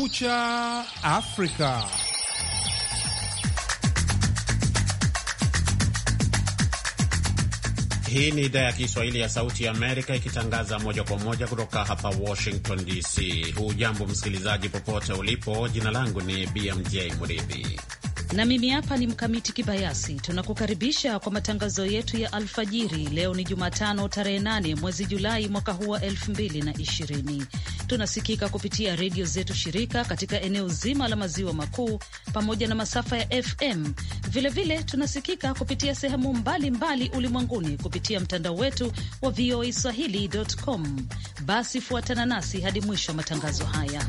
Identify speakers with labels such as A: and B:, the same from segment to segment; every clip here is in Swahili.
A: Kumekucha Afrika.
B: Hii ni idhaa ya Kiswahili ya Sauti ya Amerika ikitangaza moja kwa moja kutoka hapa Washington DC. Hujambo msikilizaji, popote ulipo. Jina langu ni BMJ Mridhi
C: na mimi hapa ni Mkamiti Kibayasi. Tunakukaribisha kwa matangazo yetu ya alfajiri. Leo ni Jumatano, tarehe 8 mwezi Julai mwaka huu wa 2020. Tunasikika kupitia redio zetu shirika katika eneo zima la maziwa makuu pamoja na masafa ya FM. Vilevile vile, tunasikika kupitia sehemu mbalimbali ulimwenguni kupitia mtandao wetu wa voa swahili.com. Basi fuatana nasi hadi mwisho wa matangazo haya.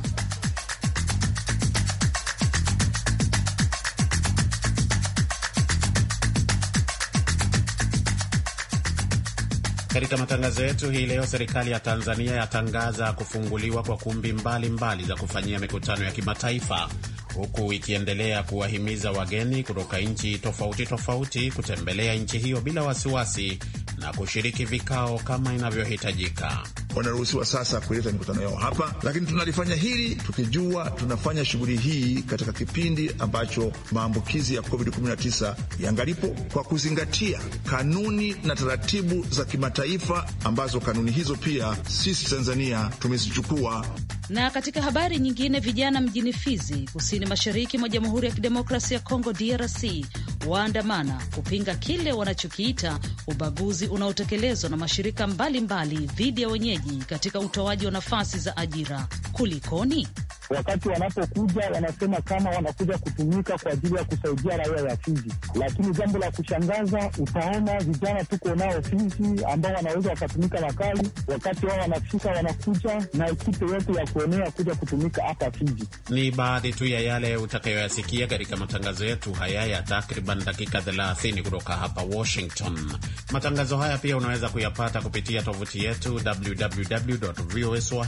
B: Katika matangazo yetu hii leo, serikali ya Tanzania yatangaza kufunguliwa kwa kumbi mbalimbali mbali za kufanyia mikutano ya kimataifa huku ikiendelea kuwahimiza wageni kutoka nchi tofauti tofauti kutembelea nchi hiyo bila wasiwasi na kushiriki vikao
D: kama inavyohitajika. Wanaruhusiwa sasa kuleta mikutano yao hapa, lakini tunalifanya hili tukijua tunafanya shughuli hii katika kipindi ambacho maambukizi ya COVID-19 yangalipo, kwa kuzingatia kanuni na taratibu za kimataifa ambazo kanuni hizo pia sisi Tanzania tumezichukua.
C: Na katika habari nyingine, vijana mjini Fizi, kusini mashariki mwa Jamhuri ya Kidemokrasia ya Kongo, DRC, waandamana kupinga kile wanachokiita ubaguzi unaotekelezwa na mashirika mbalimbali dhidi mbali ya wenyeji katika utoaji wa nafasi za ajira. Kulikoni? Wakati wanapokuja wanasema kama wanakuja kutumika kwa ajili ya kusaidia raia ya Fizi,
E: lakini jambo la kushangaza, utaona vijana tuko nao Fizi ambao wanaweza wakatumika makali, wakati wao wanafika wanakuja na ekipe yote ya kuonea kuja kutumika hapa Fizi.
B: Ni baadhi tu ya yale utakayoyasikia katika matangazo yetu haya ya takriban dakika 30 kutoka hapa Washington. Matangazo haya pia unaweza kuyapata kupitia tovuti yetu www voa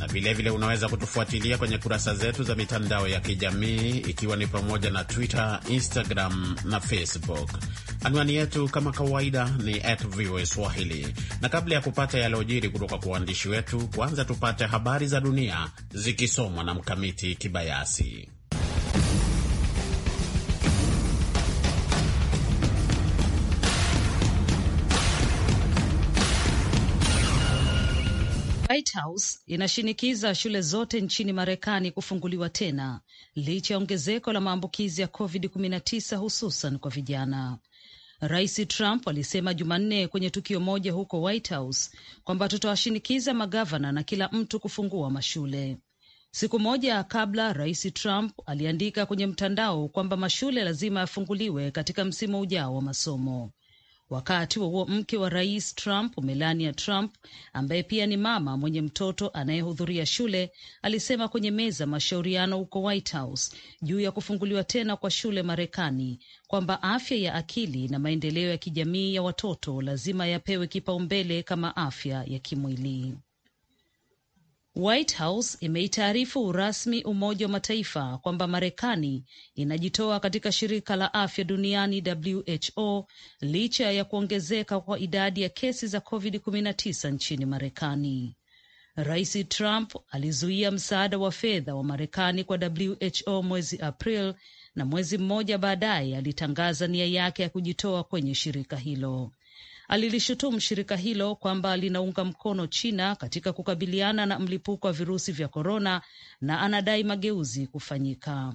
B: na vilevile unaweza kutufu kutufuatilia kwenye kurasa zetu za mitandao ya kijamii ikiwa ni pamoja na Twitter, Instagram na Facebook. Anwani yetu kama kawaida ni VOA Swahili. Na kabla ya kupata yaliyojiri kutoka kwa waandishi wetu, kwanza tupate habari za dunia zikisomwa na Mkamiti Kibayasi.
C: White House inashinikiza shule zote nchini Marekani kufunguliwa tena licha ya ongezeko la maambukizi ya COVID-19 hususan kwa vijana. Rais Trump alisema Jumanne kwenye tukio moja huko White House kwamba tutawashinikiza magavana na kila mtu kufungua mashule. Siku moja kabla, Rais Trump aliandika kwenye mtandao kwamba mashule lazima yafunguliwe katika msimu ujao wa masomo. Wakati wa huo mke wa rais Trump, Melania Trump, ambaye pia ni mama mwenye mtoto anayehudhuria shule, alisema kwenye meza mashauriano huko White House juu ya kufunguliwa tena kwa shule Marekani kwamba afya ya akili na maendeleo ya kijamii ya watoto lazima yapewe kipaumbele kama afya ya kimwili. White House imeitaarifu rasmi Umoja wa Mataifa kwamba Marekani inajitoa katika shirika la afya duniani WHO licha ya kuongezeka kwa idadi ya kesi za COVID-19 nchini Marekani. Rais Trump alizuia msaada wa fedha wa Marekani kwa WHO mwezi April na mwezi mmoja baadaye alitangaza nia yake ya kujitoa kwenye shirika hilo alilishutumu shirika hilo kwamba linaunga mkono China katika kukabiliana na mlipuko wa virusi vya korona na anadai mageuzi kufanyika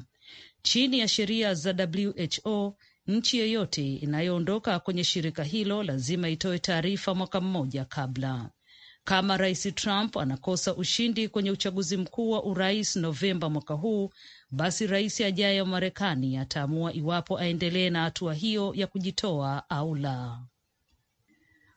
C: chini ya sheria za WHO. Nchi yeyote inayoondoka kwenye shirika hilo lazima itoe taarifa mwaka mmoja kabla. Kama Rais Trump anakosa ushindi kwenye uchaguzi mkuu wa urais Novemba mwaka huu, basi rais ajaye wa Marekani ataamua iwapo aendelee na hatua hiyo ya kujitoa au la.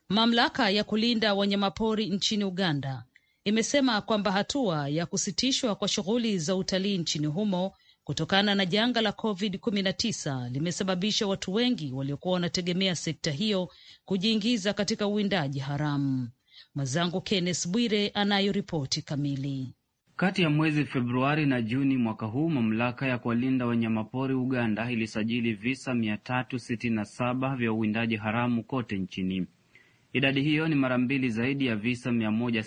C: Mamlaka ya kulinda wanyamapori nchini Uganda imesema kwamba hatua ya kusitishwa kwa shughuli za utalii nchini humo kutokana na janga la COVID-19 limesababisha watu wengi waliokuwa wanategemea sekta hiyo kujiingiza katika uwindaji haramu. Mwenzangu Kenneth Bwire anayo ripoti kamili. Kati ya mwezi
F: Februari na Juni mwaka huu, mamlaka ya kuwalinda wanyamapori Uganda ilisajili visa 367 vya uwindaji haramu kote nchini. Idadi hiyo ni mara mbili zaidi ya visa mia moja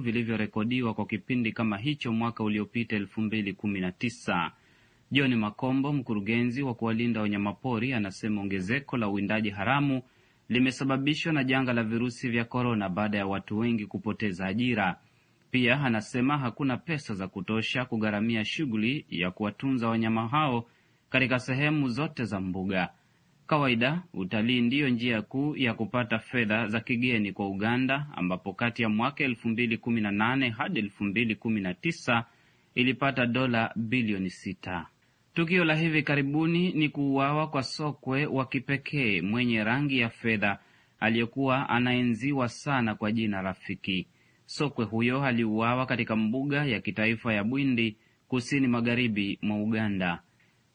F: vilivyorekodiwa kwa kipindi kama hicho mwaka uliopita elfu John Makombo, mkurugenzi wa kuwalinda wanyamapori, anasema ongezeko la uwindaji haramu limesababishwa na janga la virusi vya korona baada ya watu wengi kupoteza ajira. Pia anasema hakuna pesa za kutosha kugharamia shughuli ya kuwatunza wanyama hao katika sehemu zote za mbuga kawaida utalii ndiyo njia kuu ya kupata fedha za kigeni kwa Uganda, ambapo kati ya mwaka elfu mbili kumi na nane hadi elfu mbili kumi na tisa ilipata dola bilioni 6. Tukio la hivi karibuni ni kuuawa kwa sokwe wa kipekee mwenye rangi ya fedha aliyekuwa anaenziwa sana kwa jina Rafiki. Sokwe huyo aliuawa katika mbuga ya kitaifa ya Bwindi kusini magharibi mwa Uganda.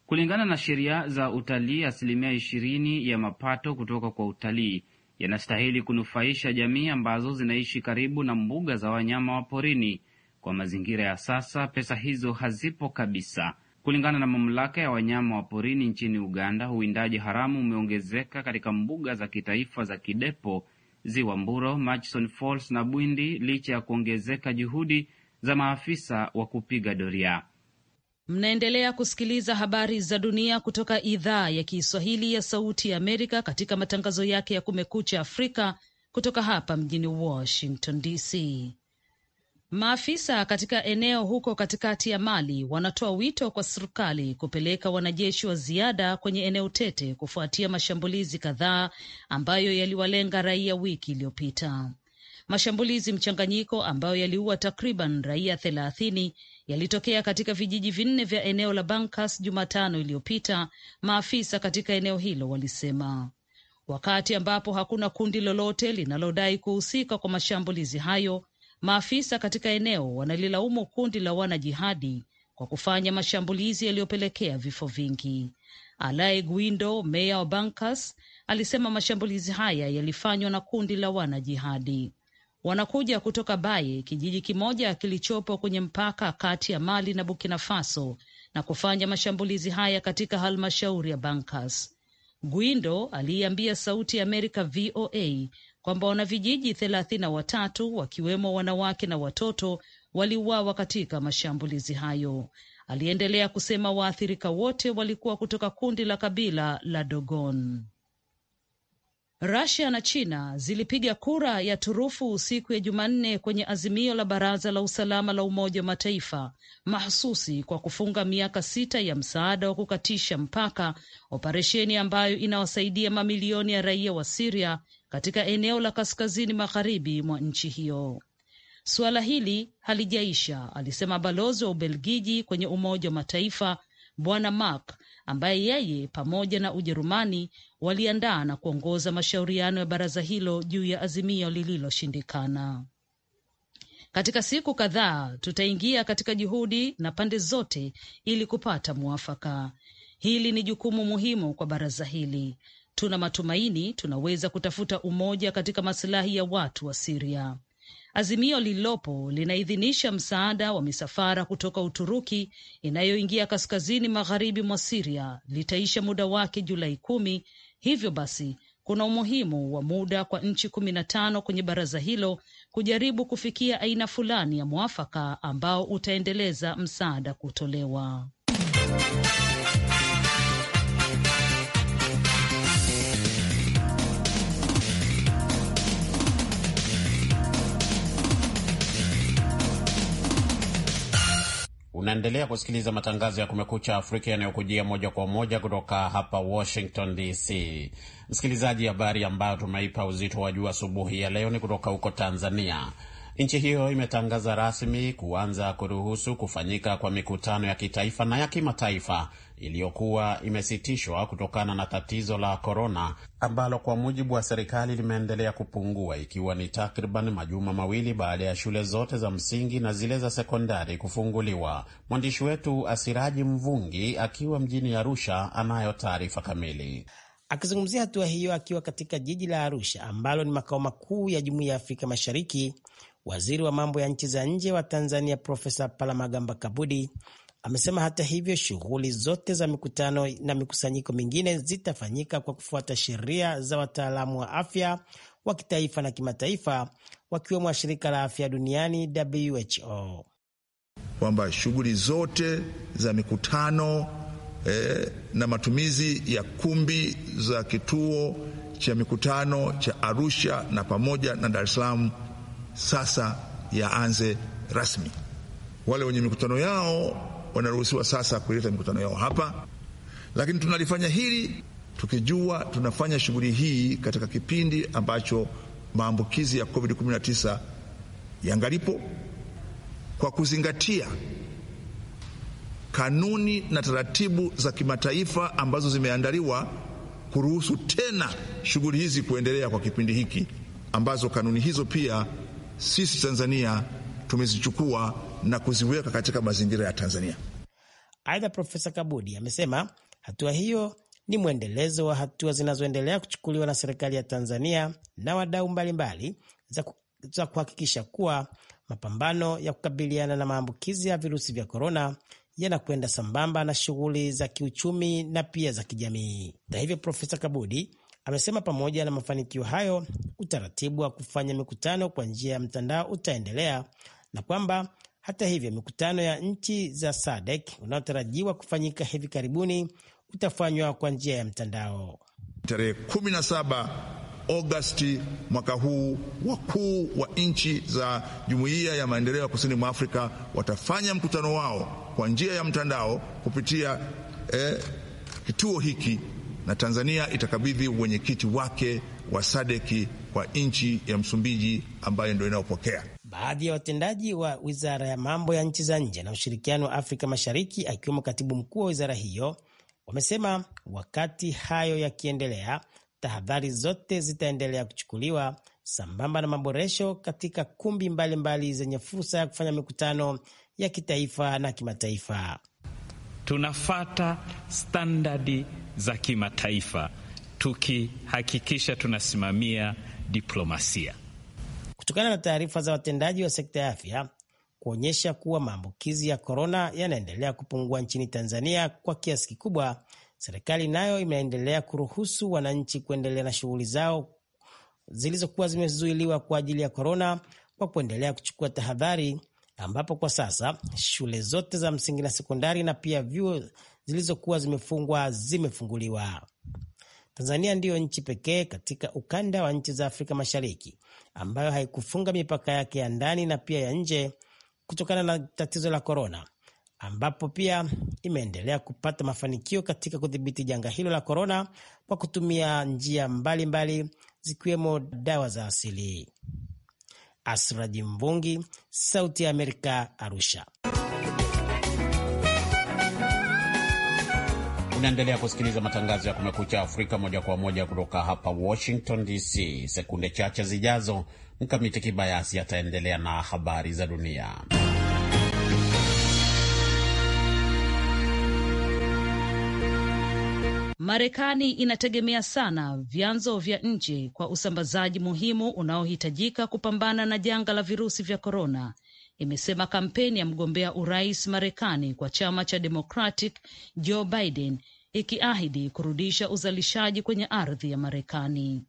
F: Kulingana na sheria za utalii, asilimia ishirini ya mapato kutoka kwa utalii yanastahili kunufaisha jamii ambazo zinaishi karibu na mbuga za wanyama wa porini. Kwa mazingira ya sasa, pesa hizo hazipo kabisa. Kulingana na mamlaka ya wanyama wa porini nchini Uganda, uwindaji haramu umeongezeka katika mbuga za kitaifa za Kidepo, Ziwa Mburo, Murchison Falls na Bwindi, licha ya kuongezeka juhudi za maafisa wa kupiga doria.
C: Mnaendelea kusikiliza habari za dunia kutoka idhaa ya Kiswahili ya Sauti ya Amerika katika matangazo yake ya Kumekucha Afrika kutoka hapa mjini Washington DC. Maafisa katika eneo huko katikati ya Mali wanatoa wito kwa serikali kupeleka wanajeshi wa ziada kwenye eneo tete kufuatia mashambulizi kadhaa ambayo yaliwalenga raia wiki iliyopita. Mashambulizi mchanganyiko ambayo yaliua takriban raia thelathini yalitokea katika vijiji vinne vya eneo la Bankas Jumatano iliyopita, maafisa katika eneo hilo walisema, wakati ambapo hakuna kundi lolote linalodai kuhusika kwa mashambulizi hayo. Maafisa katika eneo wanalilaumu kundi la wanajihadi kwa kufanya mashambulizi yaliyopelekea vifo vingi. Alae Guindo, meya wa Bankas, alisema mashambulizi haya yalifanywa na kundi la wanajihadi wanakuja kutoka Baye, kijiji kimoja kilichopo kwenye mpaka kati ya Mali na Burkina Faso, na kufanya mashambulizi haya katika halmashauri ya Bankas. Guindo aliiambia Sauti ya Amerika VOA kwamba wanavijiji thelathini na watatu wakiwemo wanawake na watoto waliuawa katika mashambulizi hayo. Aliendelea kusema waathirika wote walikuwa kutoka kundi la kabila la Dogon. Rasia na China zilipiga kura ya turufu siku ya Jumanne kwenye azimio la Baraza la Usalama la Umoja wa Mataifa mahsusi kwa kufunga miaka sita ya msaada wa kukatisha mpaka, operesheni ambayo inawasaidia mamilioni ya raia wa Siria katika eneo la kaskazini magharibi mwa nchi hiyo. Suala hili halijaisha, alisema balozi wa Ubelgiji kwenye Umoja wa Mataifa Bwana Mark ambaye yeye pamoja na Ujerumani waliandaa na kuongoza mashauriano ya baraza hilo juu ya azimio lililoshindikana. Katika siku kadhaa tutaingia katika juhudi na pande zote ili kupata mwafaka. Hili ni jukumu muhimu kwa baraza hili. Tuna matumaini tunaweza kutafuta umoja katika masilahi ya watu wa Siria. Azimio lililopo linaidhinisha msaada wa misafara kutoka Uturuki inayoingia kaskazini magharibi mwa Siria litaisha muda wake Julai kumi. Hivyo basi kuna umuhimu wa muda kwa nchi kumi na tano kwenye baraza hilo kujaribu kufikia aina fulani ya mwafaka ambao utaendeleza msaada kutolewa.
B: Unaendelea kusikiliza matangazo ya Kumekucha Afrika yanayokujia moja kwa moja kutoka hapa Washington DC. Msikilizaji, habari ambayo tumeipa uzito wa juu asubuhi ya leo ni kutoka huko Tanzania Nchi hiyo imetangaza rasmi kuanza kuruhusu kufanyika kwa mikutano ya kitaifa na ya kimataifa iliyokuwa imesitishwa kutokana na tatizo la korona ambalo kwa mujibu wa serikali limeendelea kupungua ikiwa ni takriban majuma mawili baada ya shule zote za msingi na zile za sekondari kufunguliwa. Mwandishi wetu Asiraji Mvungi akiwa mjini Arusha anayo taarifa
G: kamili. Akizungumzia hatua hiyo akiwa katika jiji la Arusha ambalo ni makao makuu ya Jumuiya ya Afrika Mashariki, Waziri wa mambo ya nchi za nje wa Tanzania Profesa Palamagamba Kabudi amesema hata hivyo, shughuli zote za mikutano na mikusanyiko mingine zitafanyika kwa kufuata sheria za wataalamu wa afya wa kitaifa na kimataifa wakiwemo wa shirika la afya duniani WHO,
D: kwamba shughuli zote za mikutano eh, na matumizi ya kumbi za kituo cha mikutano cha Arusha na pamoja na Dar es Salaam sasa yaanze rasmi. Wale wenye mikutano yao wanaruhusiwa sasa kuleta mikutano yao hapa, lakini tunalifanya hili tukijua tunafanya shughuli hii katika kipindi ambacho maambukizi ya COVID-19 yangalipo, kwa kuzingatia kanuni na taratibu za kimataifa ambazo zimeandaliwa kuruhusu tena shughuli hizi kuendelea kwa kipindi hiki, ambazo kanuni hizo pia sisi Tanzania tumezichukua na kuziweka katika mazingira ya Tanzania.
G: Aidha, Profesa Kabudi amesema hatua hiyo ni mwendelezo wa hatua zinazoendelea kuchukuliwa na serikali ya Tanzania na wadau mbalimbali za kuhakikisha kuwa mapambano ya kukabiliana na maambukizi ya virusi vya korona yanakwenda sambamba na shughuli za kiuchumi na pia za kijamii. Hata hivyo, Profesa Kabudi Amesema pamoja na mafanikio hayo, utaratibu wa kufanya mikutano kwa njia ya mtandao utaendelea na kwamba hata hivyo, mikutano ya nchi za SADC unaotarajiwa kufanyika hivi karibuni utafanywa kwa njia ya mtandao.
D: Tarehe 17 Agosti mwaka huu, wakuu wa nchi za Jumuiya ya Maendeleo ya Kusini mwa Afrika watafanya mkutano wao kwa njia ya mtandao kupitia eh, kituo hiki na Tanzania itakabidhi uwenyekiti wake wa sadeki kwa nchi ya Msumbiji ambayo ndio inayopokea.
G: Baadhi ya watendaji wa wizara ya mambo ya nchi za nje na ushirikiano wa Afrika Mashariki, akiwemo katibu mkuu wa wizara hiyo, wamesema wakati hayo yakiendelea, tahadhari zote zitaendelea kuchukuliwa sambamba na maboresho katika kumbi mbalimbali mbali zenye fursa ya kufanya mikutano ya kitaifa na kimataifa.
A: Tunafata standardi za kimataifa tukihakikisha tunasimamia diplomasia.
G: Kutokana na taarifa za watendaji wa sekta ya afya kuonyesha kuwa maambukizi ya korona yanaendelea kupungua nchini Tanzania kwa kiasi kikubwa, serikali nayo imeendelea kuruhusu wananchi kuendelea na shughuli zao zilizokuwa zimezuiliwa kwa ajili ya korona kwa kuendelea kuchukua tahadhari, ambapo kwa sasa shule zote za msingi na sekondari na pia vyuo zilizokuwa zimefungwa zimefunguliwa. Tanzania ndiyo nchi pekee katika ukanda wa nchi za Afrika Mashariki ambayo haikufunga mipaka yake ya ndani na pia ya nje kutokana na tatizo la korona, ambapo pia imeendelea kupata mafanikio katika kudhibiti janga hilo la korona kwa kutumia njia mbalimbali mbali, zikiwemo dawa za asili. Asraji Mvungi, Sauti ya Amerika, Arusha. Unaendelea kusikiliza matangazo ya
B: Kumekucha Afrika moja kwa moja kutoka hapa Washington DC. Sekunde chache zijazo, Mkamiti Kibayasi ataendelea na habari za dunia.
C: Marekani inategemea sana vyanzo vya nje kwa usambazaji muhimu unaohitajika kupambana na janga la virusi vya korona, imesema kampeni ya mgombea urais Marekani kwa chama cha Democratic Joe Biden ikiahidi kurudisha uzalishaji kwenye ardhi ya Marekani.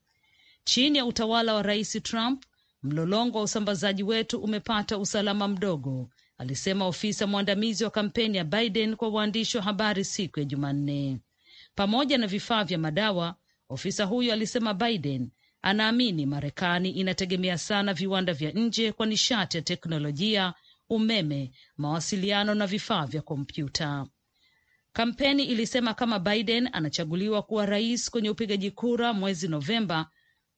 C: Chini ya utawala wa Rais Trump, mlolongo wa usambazaji wetu umepata usalama mdogo, alisema ofisa mwandamizi wa kampeni ya Biden kwa waandishi wa habari siku ya Jumanne. Pamoja na vifaa vya madawa, ofisa huyo alisema Biden anaamini Marekani inategemea sana viwanda vya nje kwa nishati ya teknolojia, umeme, mawasiliano na vifaa vya kompyuta. Kampeni ilisema kama Biden anachaguliwa kuwa rais kwenye upigaji kura mwezi Novemba,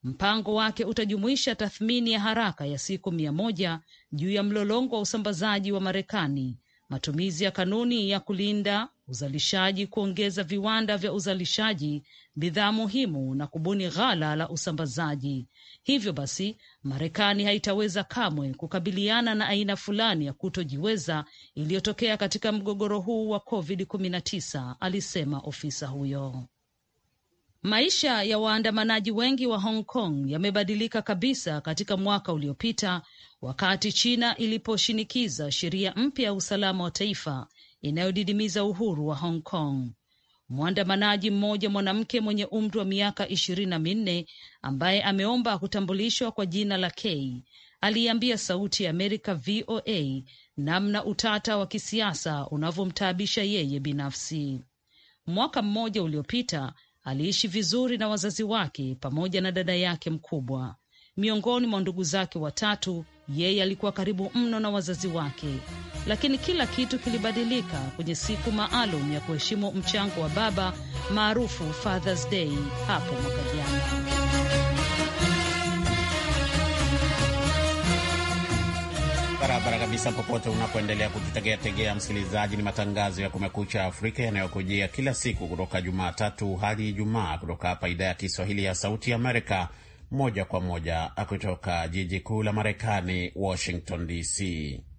C: mpango wake utajumuisha tathmini ya haraka ya siku mia moja juu ya mlolongo wa usambazaji wa Marekani, matumizi ya kanuni ya kulinda uzalishaji, kuongeza viwanda vya uzalishaji bidhaa muhimu na kubuni ghala la usambazaji. Hivyo basi, Marekani haitaweza kamwe kukabiliana na aina fulani ya kutojiweza iliyotokea katika mgogoro huu wa COVID-19, alisema ofisa huyo. Maisha ya waandamanaji wengi wa Hong Kong yamebadilika kabisa katika mwaka uliopita wakati China iliposhinikiza sheria mpya ya usalama wa taifa inayodidimiza uhuru wa Hong Kong. Mwandamanaji mmoja mwanamke mwenye umri wa miaka ishirini na minne ambaye ameomba kutambulishwa kwa jina la K aliiambia Sauti ya Amerika VOA namna utata wa kisiasa unavyomtaabisha yeye binafsi. Mwaka mmoja uliopita aliishi vizuri na wazazi wake pamoja na dada yake mkubwa. Miongoni mwa ndugu zake watatu yeye alikuwa karibu mno na wazazi wake, lakini kila kitu kilibadilika kwenye siku maalum ya kuheshimu mchango wa baba maarufu Father's Day hapo mwaka jana.
B: Barabara kabisa. Popote unapoendelea kututegea tegea, msikilizaji, ni matangazo ya Kumekucha Afrika yanayokujia kila siku kutoka Jumatatu hadi Ijumaa kutoka hapa idhaa ya Kiswahili ya Sauti Amerika moja kwa moja kutoka jiji kuu la Marekani, Washington DC.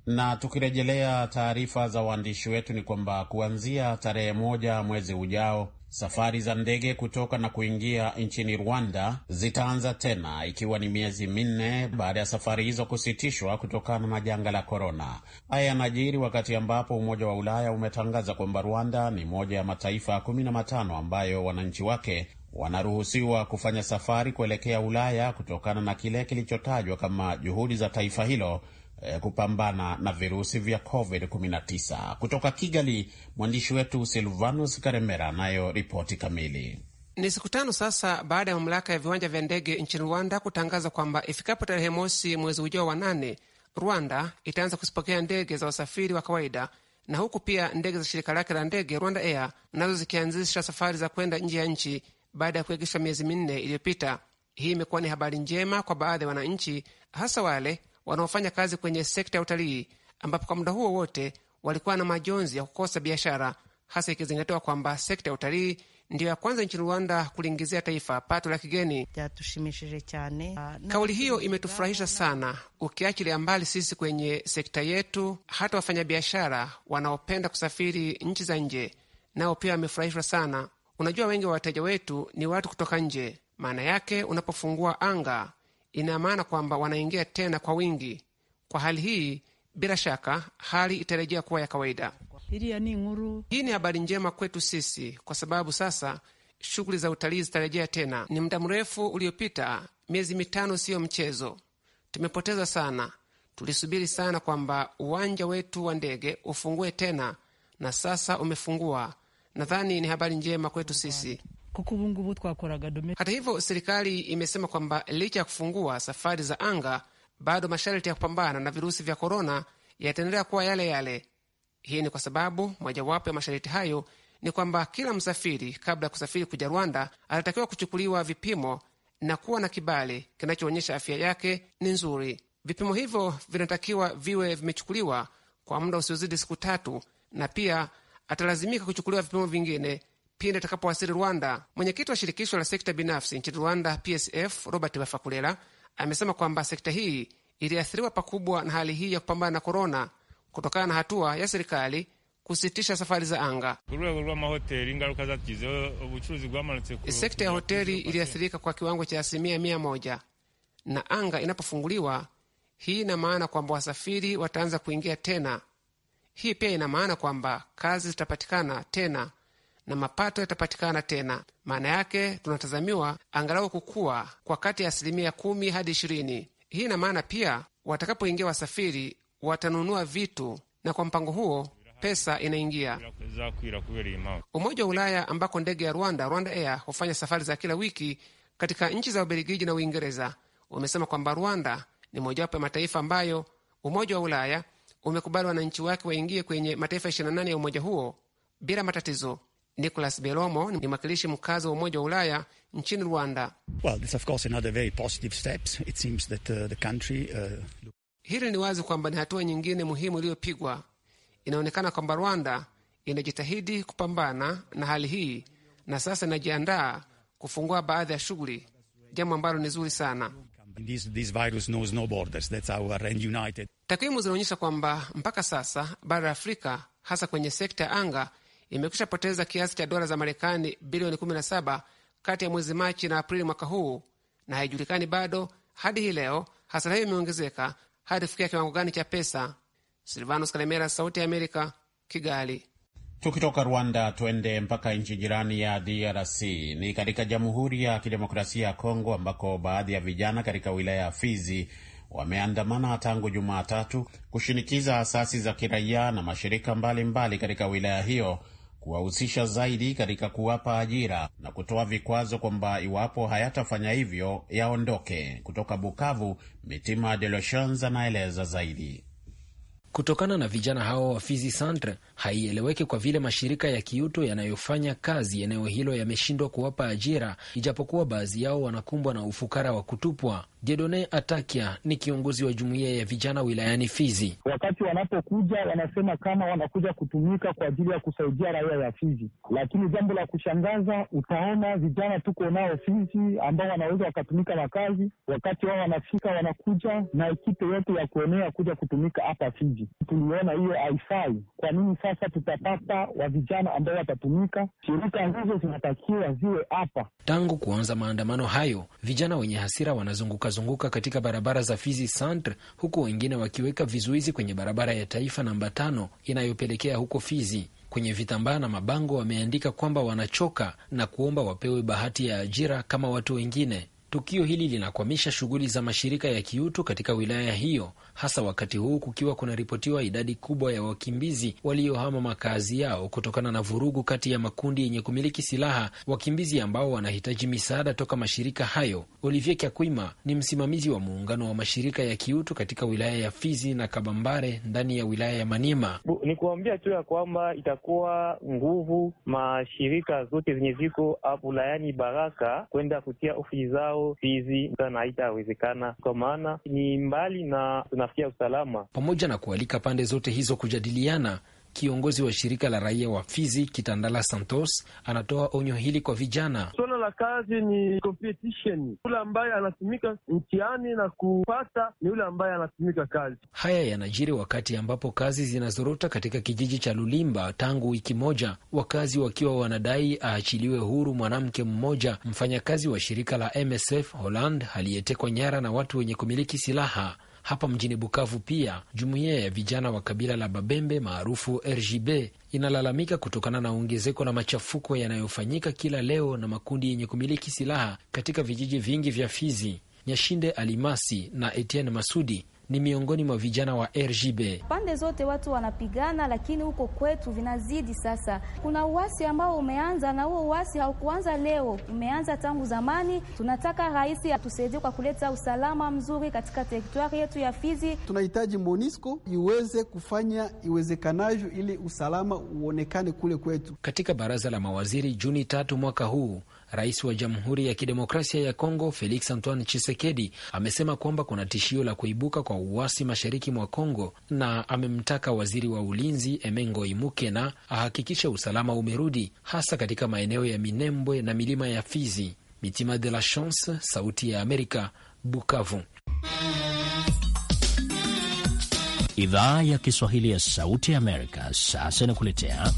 B: Na tukirejelea taarifa za waandishi wetu ni kwamba kuanzia tarehe moja mwezi ujao safari za ndege kutoka na kuingia nchini Rwanda zitaanza tena ikiwa ni miezi minne baada ya safari hizo kusitishwa kutokana na janga la korona. Haya yanajiri wakati ambapo Umoja wa Ulaya umetangaza kwamba Rwanda ni moja ya mataifa kumi na matano ambayo wananchi wake wanaruhusiwa kufanya safari kuelekea Ulaya kutokana na kile kilichotajwa kama juhudi za taifa hilo eh, kupambana na virusi vya COVID-19. Kutoka Kigali, mwandishi wetu Silvanus Karemera anayo ripoti kamili.
H: Ni siku tano sasa baada ya mamlaka ya viwanja vya ndege nchini Rwanda kutangaza kwamba ifikapo tarehe mosi mwezi ujao wa nane, Rwanda itaanza kuzipokea ndege za wasafiri wa kawaida na huku pia ndege za shirika lake la ndege Rwanda Air nazo zikianzisha safari za kwenda nje ya nchi baada ya kuegeshwa miezi minne iliyopita. Hii imekuwa ni habari njema kwa baadhi ya wananchi, hasa wale wanaofanya kazi kwenye sekta ya utalii, ambapo kwa muda huo wote walikuwa na majonzi ya kukosa biashara, hasa ikizingatiwa kwamba sekta ya utalii ndiyo ya kwanza nchini Rwanda kuliingizia taifa pato la kigeni. Ah, Kauli hiyo imetufurahisha sana, ukiachilia mbali sisi kwenye sekta yetu. Hata wafanyabiashara wanaopenda kusafiri nchi za nje nao pia wamefurahishwa sana Unajua, wengi wa wateja wetu ni watu kutoka nje. Maana yake unapofungua anga, ina maana kwamba wanaingia tena kwa wingi. Kwa hali hii, bila shaka hali itarejea kuwa ya kawaida. Hii ni habari njema kwetu sisi, kwa sababu sasa shughuli za utalii zitarejea tena. Ni muda mrefu uliopita, miezi mitano siyo mchezo. Tumepoteza sana, tulisubiri sana kwamba uwanja wetu wa ndege ufungue tena, na sasa umefungua Nadhani ni habari njema kwetu sisi. Hata hivyo, serikali imesema kwamba licha ya kufungua safari za anga, bado masharti ya kupambana na virusi vya korona yataendelea kuwa yale yale. Hii ni kwa sababu mojawapo ya masharti hayo ni kwamba kila msafiri kabla ya kusafiri kuja Rwanda anatakiwa kuchukuliwa vipimo na kuwa na kibali kinachoonyesha afya yake ni nzuri. Vipimo hivyo vinatakiwa viwe vimechukuliwa kwa muda usiozidi siku tatu na pia atalazimika kuchukuliwa vipimo vingine pindi atakapowasili Rwanda. Mwenyekiti wa shirikisho la sekta binafsi nchini Rwanda, PSF, Robert Bafakulela amesema kwamba sekta hii iliathiriwa pakubwa na hali hii ya kupambana na korona kutokana na hatua ya serikali kusitisha safari za anga. Sekta ya hoteli iliathirika kwa kiwango cha asilimia mia moja, na anga inapofunguliwa, hii ina maana kwamba wasafiri wataanza kuingia tena hii pia ina maana kwamba kazi zitapatikana tena na mapato yatapatikana tena. Maana yake tunatazamiwa angalau kukua kwa kati ya asilimia kumi hadi ishirini. Hii ina maana pia watakapoingia wasafiri watanunua vitu, na kwa mpango huo pesa inaingia. Umoja wa Ulaya ambako ndege ya Rwanda, Rwanda Air, hufanya safari za kila wiki katika nchi za Ubelgiji na Uingereza umesema kwamba Rwanda ni mojawapo ya mataifa ambayo Umoja wa Ulaya umekubali wananchi wake waingie kwenye mataifa 28 ya umoja huo bila matatizo. Nicolas Belomo ni mwakilishi mkazi wa Umoja wa Ulaya nchini Rwanda. Well, uh, uh, hili ni wazi kwamba ni hatua nyingine muhimu iliyopigwa. Inaonekana kwamba Rwanda inajitahidi kupambana na hali hii na sasa inajiandaa kufungua baadhi ya shughuli, jambo ambalo ni zuri sana. This, this virus knows no borders. That's our united. Takwimu zinaonyesha kwamba mpaka sasa bara la Afrika hasa kwenye sekta ya anga imekwisha poteza kiasi cha dola za Marekani bilioni 17 kati ya mwezi Machi na Aprili mwaka huu, na haijulikani bado hadi hii leo hasara hiyo imeongezeka hadi kufikia kiwango gani cha pesa. Silvanos Kalemera, Sauti ya Amerika, Kigali.
B: Tukitoka Rwanda twende mpaka nchi jirani ya DRC. Ni katika Jamhuri ya Kidemokrasia ya Kongo ambako baadhi ya vijana katika wilaya ya Fizi wameandamana tangu Jumatatu kushinikiza asasi za kiraia na mashirika mbalimbali mbali katika wilaya hiyo kuwahusisha zaidi katika kuwapa ajira na kutoa vikwazo kwamba iwapo hayatafanya hivyo yaondoke. Kutoka Bukavu, Mitima
E: De anaeleza zaidi. Kutokana na vijana hao wa Fizi Centre haieleweki kwa vile mashirika ya kiutu yanayofanya kazi eneo hilo yameshindwa kuwapa ajira, ijapokuwa baadhi yao wanakumbwa na ufukara wa kutupwa. Jedone Atakia ni kiongozi wa jumuiya ya vijana wilayani Fizi. Wakati wanapokuja wanasema kama wanakuja kutumika kwa ajili ya kusaidia raia ya Fizi, lakini jambo la kushangaza, utaona vijana tuko nao Fizi ambao wanaweza wakatumika na kazi, wakati wao wanafika wanakuja na ekipe yote ya kuonea kuja kutumika hapa Fizi. Tuliona hiyo haifai. Kwa nini sasa tutapata wa vijana ambao watatumika? Shirika hizo zinatakiwa ziwe hapa. Tangu kuanza maandamano hayo, vijana wenye hasira wanazunguka wakazunguka katika barabara za Fizi Centre, huku wengine wakiweka vizuizi kwenye barabara ya taifa namba tano inayopelekea huko Fizi. Kwenye vitambaa na mabango wameandika kwamba wanachoka na kuomba wapewe bahati ya ajira kama watu wengine. Tukio hili linakwamisha shughuli za mashirika ya kiutu katika wilaya hiyo hasa wakati huu kukiwa kunaripotiwa idadi kubwa ya wakimbizi waliohama makazi yao kutokana na vurugu kati ya makundi yenye kumiliki silaha, wakimbizi ambao wanahitaji misaada toka mashirika hayo. Olivier Kyakwima ni msimamizi wa muungano wa mashirika ya kiutu katika wilaya ya Fizi na Kabambare ndani ya wilaya ya Maniema. Ni kuambia tu ya kwamba itakuwa nguvu mashirika zote zenye ziko hapo Baraka kwenda kutia ofisi zao Fizi, na haitawezekana kwa maana ni mbali na kutafutia usalama. Pamoja na kualika pande zote hizo kujadiliana, kiongozi wa shirika la raia wa Fizi Kitandala Santos anatoa onyo hili kwa vijana.
D: Suala la kazi ni competition, yule ambaye anatumika mtihani na kupata ni yule ambaye anatumika kazi.
E: Haya yanajiri wakati ambapo kazi zinazorota katika kijiji cha Lulimba tangu wiki moja, wakazi wakiwa wanadai aachiliwe huru mwanamke mmoja, mfanyakazi wa shirika la MSF Holland aliyetekwa nyara na watu wenye kumiliki silaha. Hapa mjini Bukavu pia jumuiya ya vijana wa kabila la Babembe maarufu RGB inalalamika kutokana na ongezeko la machafuko yanayofanyika kila leo na makundi yenye kumiliki silaha katika vijiji vingi vya Fizi. Nyashinde Alimasi na Etienne Masudi ni miongoni mwa vijana wa RGB.
C: Pande zote watu wanapigana, lakini huko kwetu vinazidi sasa. Kuna uasi ambao umeanza, na huo uasi haukuanza leo, umeanza tangu zamani. Tunataka rais atusaidie kwa kuleta usalama mzuri katika teritwari yetu ya Fizi.
G: Tunahitaji MONISCO iweze kufanya iwezekanavyo ili usalama uonekane kule kwetu.
E: Katika baraza la mawaziri Juni tatu mwaka huu Rais wa Jamhuri ya Kidemokrasia ya Kongo Felix Antoine Chisekedi amesema kwamba kuna tishio la kuibuka kwa uasi mashariki mwa Kongo na amemtaka waziri wa ulinzi Emengo Imukena ahakikishe usalama umerudi hasa katika maeneo ya Minembwe na milima ya Fizi. Mitima de la Chance, Sauti ya Amerika, Bukavu. Idhaa ya Kiswahili ya Sauti ya Amerika sasa
A: inakuletea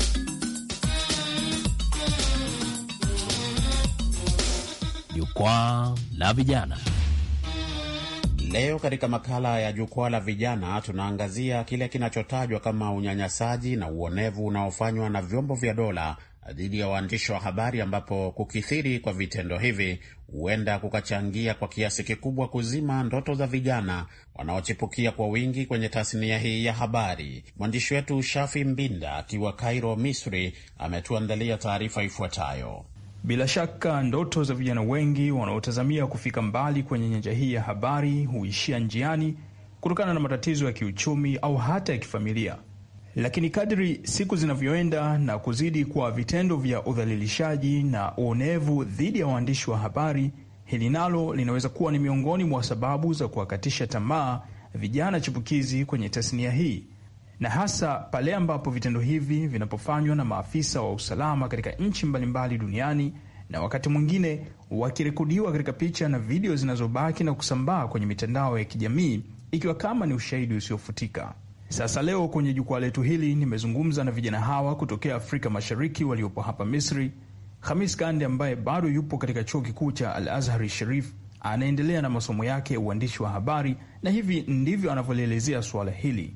A: jukwaa la vijana. Leo katika
B: makala ya jukwaa la vijana tunaangazia kile kinachotajwa kama unyanyasaji na uonevu unaofanywa na vyombo vya dola dhidi ya waandishi wa habari, ambapo kukithiri kwa vitendo hivi huenda kukachangia kwa kiasi kikubwa kuzima ndoto za vijana wanaochipukia kwa wingi kwenye tasnia hii ya habari. Mwandishi wetu Shafi Mbinda
A: akiwa Kairo, Misri, ametuandalia taarifa ifuatayo. Bila shaka ndoto za vijana wengi wanaotazamia kufika mbali kwenye nyanja hii ya habari huishia njiani kutokana na matatizo ya kiuchumi au hata ya kifamilia. Lakini kadri siku zinavyoenda na kuzidi kwa vitendo vya udhalilishaji na uonevu dhidi ya waandishi wa habari, hili nalo linaweza kuwa ni miongoni mwa sababu za kuwakatisha tamaa vijana chipukizi kwenye tasnia hii na hasa pale ambapo vitendo hivi vinapofanywa na maafisa wa usalama katika nchi mbalimbali duniani na wakati mwingine wakirekodiwa katika picha na video zinazobaki na kusambaa kwenye mitandao ya kijamii ikiwa kama ni ushahidi usiofutika. Sasa leo kwenye jukwaa letu hili nimezungumza na vijana hawa kutokea Afrika Mashariki waliopo hapa Misri. Hamis Kande ambaye bado yupo katika chuo kikuu cha Al Azhari Sharif anaendelea na masomo yake ya uandishi wa habari, na hivi ndivyo anavyolielezea suala hili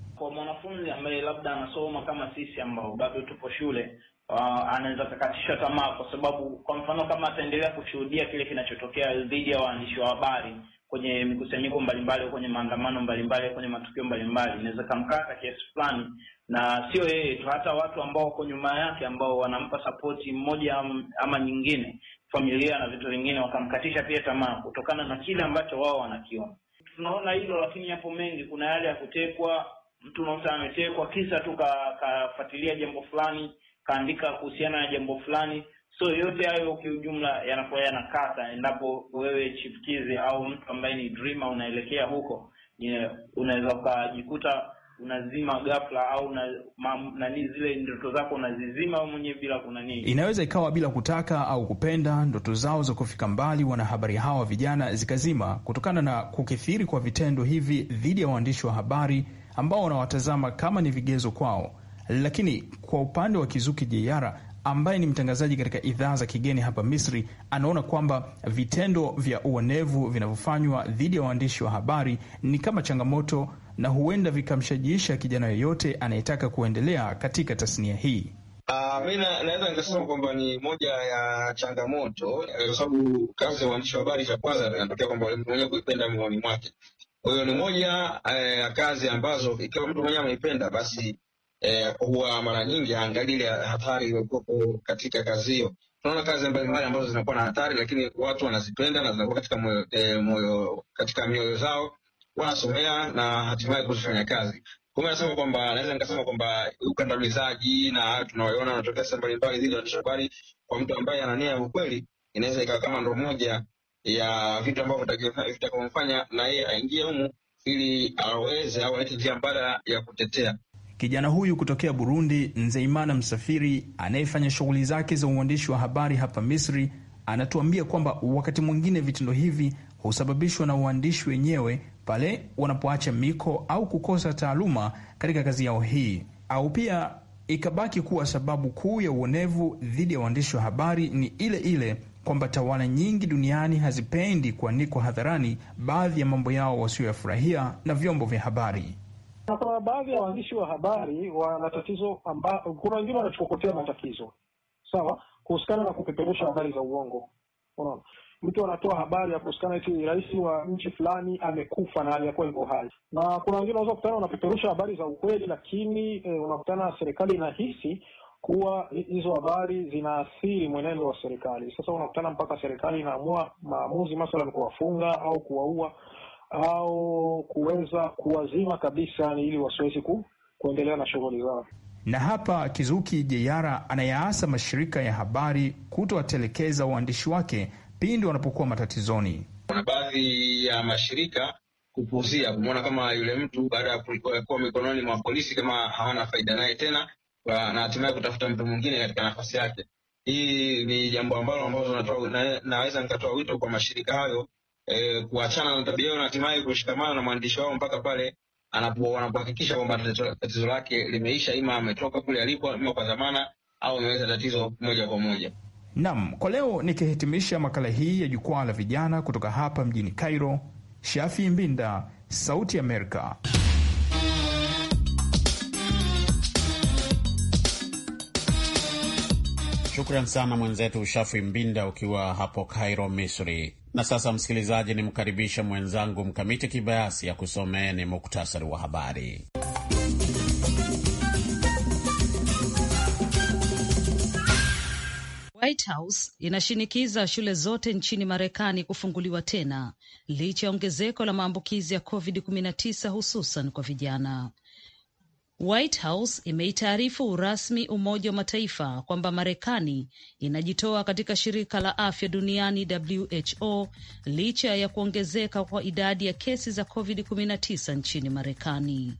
F: labda anasoma kama sisi ambao bado tupo shule uh, anaweza kakatishwa tamaa, kwa sababu kwa mfano kama ataendelea kushuhudia kile kinachotokea dhidi ya waandishi wa habari kwenye mikusanyiko mbalimbali, kwenye maandamano mbalimbali, kwenye matukio mbalimbali, inaweza kamkata kiasi fulani, na sio yeye tu, hata watu ambao wako nyuma yake ambao wanampa sapoti mmoja ama nyingine, familia na vitu vingine, wakamkatisha pia tamaa kutokana na kile ambacho wao wanakiona.
I: Tunaona hilo,
F: lakini yapo mengi. Kuna yale ya kutekwa mtu unakuta ametekwa kisa tu kafuatilia ka jambo fulani kaandika kuhusiana na jambo fulani so yote hayo kiujumla yanakuwa yanakata endapo wewe chipkizi au mtu ambaye ni dreamer unaelekea huko unaweza ukajikuta unazima ghafla au nani zile ndoto zako unazizima wewe mwenyewe bila kuna nini. Inaweza
A: ikawa bila kutaka au kupenda, ndoto zao za kufika mbali wanahabari hawa vijana zikazima kutokana na kukithiri kwa vitendo hivi dhidi ya waandishi wa habari ambao wanawatazama kama ni vigezo kwao. Lakini kwa upande wa Kizuki Jeyara ambaye ni mtangazaji katika idhaa za kigeni hapa Misri, anaona kwamba vitendo vya uonevu vinavyofanywa dhidi ya waandishi wa habari ni kama changamoto na huenda vikamshajiisha kijana yoyote anayetaka kuendelea katika tasnia hii.
I: Uh, mi naweza nikasema kwamba ni moja ya changamoto kwa sababu kazi ya uandishi wa habari, cha kwanza inatokea kwamba moja kuipenda moyoni mwake, kwa hiyo ni moja eh, ya kazi ambazo ikiwa mtu mwenyewe ameipenda basi eh, huwa mara nyingi aangalie hatari iliyokuwepo katika kazi hiyo. Tunaona kazi mbalimbali ambazo zinakuwa na hatari, lakini watu wanazipenda na zinakuwa katika moyo, eh, moyo, katika mioyo zao wanasomea na hatimaye kuzifanya kazi. Kumbe nasema kwamba naweza nikasema kwamba ukandamizaji na tunaoiona unatokea sehemu mbalimbali dhidi ya waandishi habari, kwa mtu ambaye ana nia ya ukweli, inaweza ikawa kama ndo moja ya vitu ambavyo vitakavyomfanya na yeye aingie humu ili aweze au alete njia mbadala ya kutetea
A: kijana huyu kutokea Burundi. Nzeimana Msafiri anayefanya shughuli zake za uandishi wa habari hapa Misri anatuambia kwamba wakati mwingine vitendo hivi husababishwa na uandishi wenyewe pale wanapoacha miko au kukosa taaluma katika kazi yao hii, au pia ikabaki kuwa sababu kuu ya uonevu dhidi ya waandishi wa habari ni ile ile kwamba tawala nyingi duniani hazipendi kuanikwa hadharani baadhi ya mambo yao wasiyoyafurahia na vyombo vya habari.
E: kwa baadhi ya waandishi wa habari wana tatizo, kuna wengine wanachokotea matatizo sawa, kuhusikana na kupeperusha habari za uongo. Unaona, mtu anatoa habari ya kuhusikana eti rais wa nchi fulani amekufa na yakuwa yuko hai, na kuna wengine wanaweza kukutana wanapeperusha habari za ukweli, lakini eh, unakutana serikali inahisi kuwa hizo habari zinaathiri mwenendo wa serikali. Sasa unakutana mpaka serikali inaamua maamuzi mathalan kuwafunga au kuwaua au kuweza kuwazima kabisa ili wasiwezi ku, kuendelea na shughuli zao.
A: Na hapa Kizuki Jeyara anayaasa mashirika ya habari kutowatelekeza waandishi wake pindi wanapokuwa matatizoni.
I: Kuna baadhi ya mashirika kupuuzia, kumwona kama yule mtu baada ya kuwa mikononi mwa polisi, kama hawana faida naye tena na hatimaye kutafuta mtu mwingine katika nafasi yake. Hii ni jambo ambalo ambazo na, naweza nikatoa wito kwa mashirika hayo e, kuachana na tabia hiyo na hatimaye kushikamana na mwandishi wao mpaka pale wanapohakikisha kwamba tatizo lake limeisha, ima ametoka kule alipo, ima kwa dhamana au ameweza tatizo moja kwa moja.
A: Naam, kwa leo nikihitimisha makala hii ya jukwaa la vijana kutoka hapa mjini Cairo, Shafi Mbinda, Sauti Amerika.
B: Shukran sana mwenzetu Shafi Mbinda ukiwa hapo Cairo, Misri. Na sasa, msikilizaji, nimkaribishe mwenzangu Mkamiti Kibayasi ya kusomee ni muktasari wa habari.
C: White House inashinikiza shule zote nchini Marekani kufunguliwa tena licha ya ongezeko la maambukizi ya COVID-19 hususan kwa vijana. White House imeitaarifu rasmi Umoja wa Mataifa kwamba Marekani inajitoa katika shirika la afya duniani WHO licha ya kuongezeka kwa idadi ya kesi za COVID-19 nchini Marekani.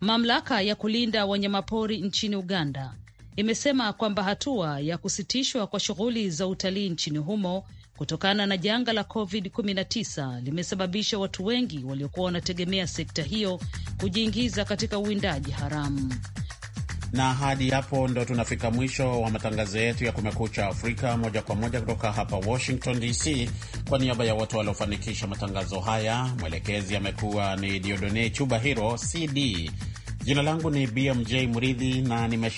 C: Mamlaka ya kulinda wanyamapori nchini Uganda imesema kwamba hatua ya kusitishwa kwa shughuli za utalii nchini humo kutokana na janga la COVID-19 limesababisha watu wengi waliokuwa wanategemea sekta hiyo kujiingiza katika uwindaji haramu.
B: Na hadi hapo ndo tunafika mwisho wa matangazo yetu ya Kumekucha Afrika moja kwa moja kutoka hapa Washington DC. Kwa niaba ya wote waliofanikisha matangazo haya, mwelekezi amekuwa ni Diodone Chuba Hiro CD. Jina langu ni BMJ Mridhi na nime